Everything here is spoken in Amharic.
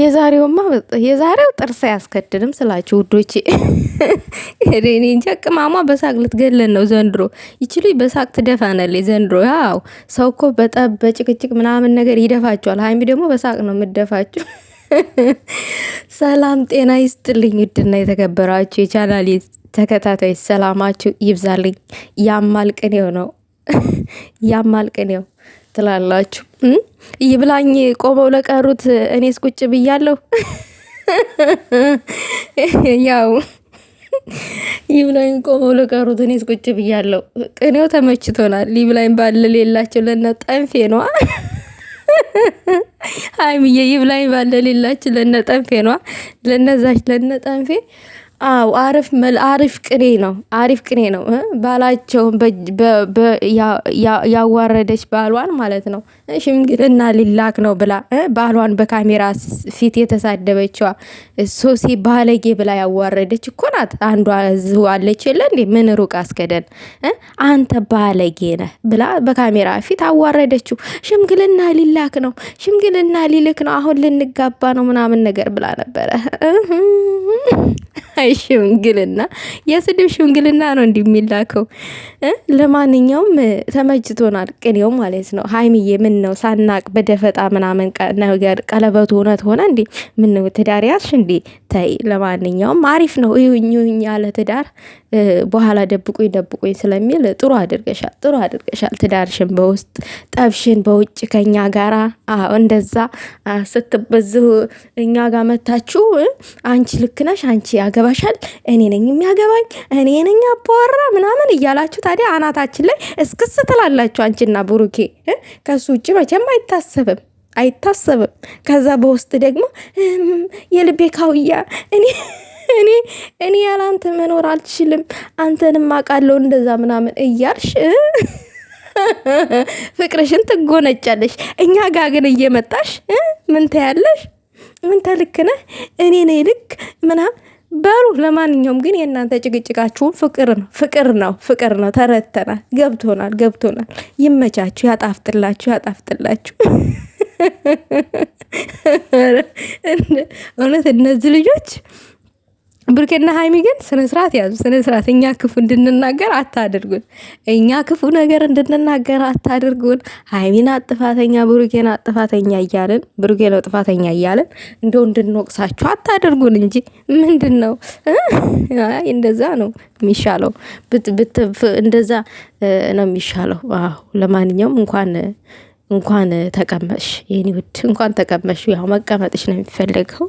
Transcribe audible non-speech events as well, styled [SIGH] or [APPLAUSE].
የዛሬውማ የዛሬው ጥርስ አያስከድንም ስላችሁ ውዶቼ፣ እኔ እንጃ ቅማሟ በሳቅ ልትገለን ነው ዘንድሮ። ይችሉ በሳቅ ትደፋናለች ዘንድሮ። ያው ሰው እኮ በጠብ በጭቅጭቅ ምናምን ነገር ይደፋቸዋል። ሀይሚ ደግሞ በሳቅ ነው የምደፋችሁ። ሰላም ጤና ይስጥልኝ። ውድና የተከበራችሁ የቻናል ተከታታይ ሰላማችሁ ይብዛልኝ። ያማልቅን የሆነው ያማል ቅኔው ትላላችሁ። ይብላኝ ቆመው ለቀሩት እኔስ ቁጭ ብያለሁ። ያው ይብላኝ ቆመው ለቀሩት እኔስ ቁጭ ብያለሁ። ቅኔው ተመችቶናል። ይብላኝ ባለ ሌላቸው ለነ ጠንፌ ነዋ። ሀይሚዬ ይብላኝ ባለ ሌላቸው ለነ ጠንፌ ነዋ። ለነዛች ለነ ጠንፌ አው አሪፍ አሪፍ ቅኔ ነው። አሪፍ ቅኔ ነው። ባላቸውን ያዋረደች ባሏን ማለት ነው። ሽምግልና ሊላክ ነው ብላ ባሏን በካሜራ ፊት የተሳደበችዋ ሶሲ ባለጌ ብላ ያዋረደች እኮ ናት። አንዷ እዚሁ አለች የለ እንዴ ምን ሩቅ አስከደን አንተ ባለጌ ነህ ብላ በካሜራ ፊት አዋረደችው። ሽምግልና ሊላክ ነው፣ ሽምግልና ሊልክ ነው፣ አሁን ልንጋባ ነው ምናምን ነገር ብላ ነበረ። ሽምግልና የስድብ ሽምግልና ነው እንደሚላከው። ለማንኛውም ተመችቶናል፣ ቅኔው ማለት ነው። ሀይሚዬ ምን ነው ሳናቅ በደፈጣ ምናምን ነገር ቀለበቱ እውነት ሆነ እንዴ? ምን ነው ትዳር ያልሽ እንዴ? ተይ። ለማንኛውም አሪፍ ነው። ይሁኝ ይሁኝ ያለ ትዳር በኋላ ደብቁኝ ደብቁኝ ስለሚል ጥሩ አድርገሻል፣ ጥሩ አድርገሻል። ትዳርሽን በውስጥ ጠብሽን በውጭ ከኛ ጋራ እንደዛ ስትበዝሁ እኛ ጋር መታችሁ አንቺ ልክነሽ አንቺ አገባሽ ይገባሻል፣ እኔ ነኝ የሚያገባኝ፣ እኔ ነኝ አባወራ ምናምን እያላችሁ ታዲያ አናታችን ላይ እስክስ ትላላችሁ አንቺና ብሩኬ። ከሱ ውጭ መቼም አይታሰብም አይታሰብም። ከዛ በውስጥ ደግሞ የልቤ ካውያ እኔ እኔ እኔ ያለ አንተ መኖር አልችልም፣ አንተንም አውቃለሁ እንደዛ ምናምን እያልሽ ፍቅርሽን ትጎነጫለሽ። እኛ ጋ ግን እየመጣሽ ምን ታያለሽ? ምን ተልክ ነህ? እኔ ነኝ ልክ ምናምን በሩ ለማንኛውም ግን የእናንተ ጭቅጭቃችሁን ፍቅር ነው ፍቅር ነው ፍቅር ነው። ተረተናል፣ ገብቶናል ገብቶናል። ይመቻችሁ፣ ያጣፍጥላችሁ ያጣፍጥላችሁ። [LAUGHS] እውነት እነዚህ ልጆች ብርኬና ሀይሚ ግን ስነ ስርዓት ያዙ። ስነ ስርዓት እኛ ክፉ እንድንናገር አታድርጉን። እኛ ክፉ ነገር እንድንናገር አታድርጉን። ሀይሚና ጥፋተኛ፣ ብሩኬና ጥፋተኛ እያልን ብሩኬ ነው ጥፋተኛ እያልን እንደው እንድንወቅሳችሁ አታድርጉን እንጂ ምንድን ነው እንደዛ ነው የሚሻለው። እንደዛ ነው የሚሻለው። ለማንኛውም እንኳን እንኳን ተቀመሽ የኔ ውድ፣ እንኳን ተቀመሽ። ያው መቀመጥሽ ነው የሚፈለገው።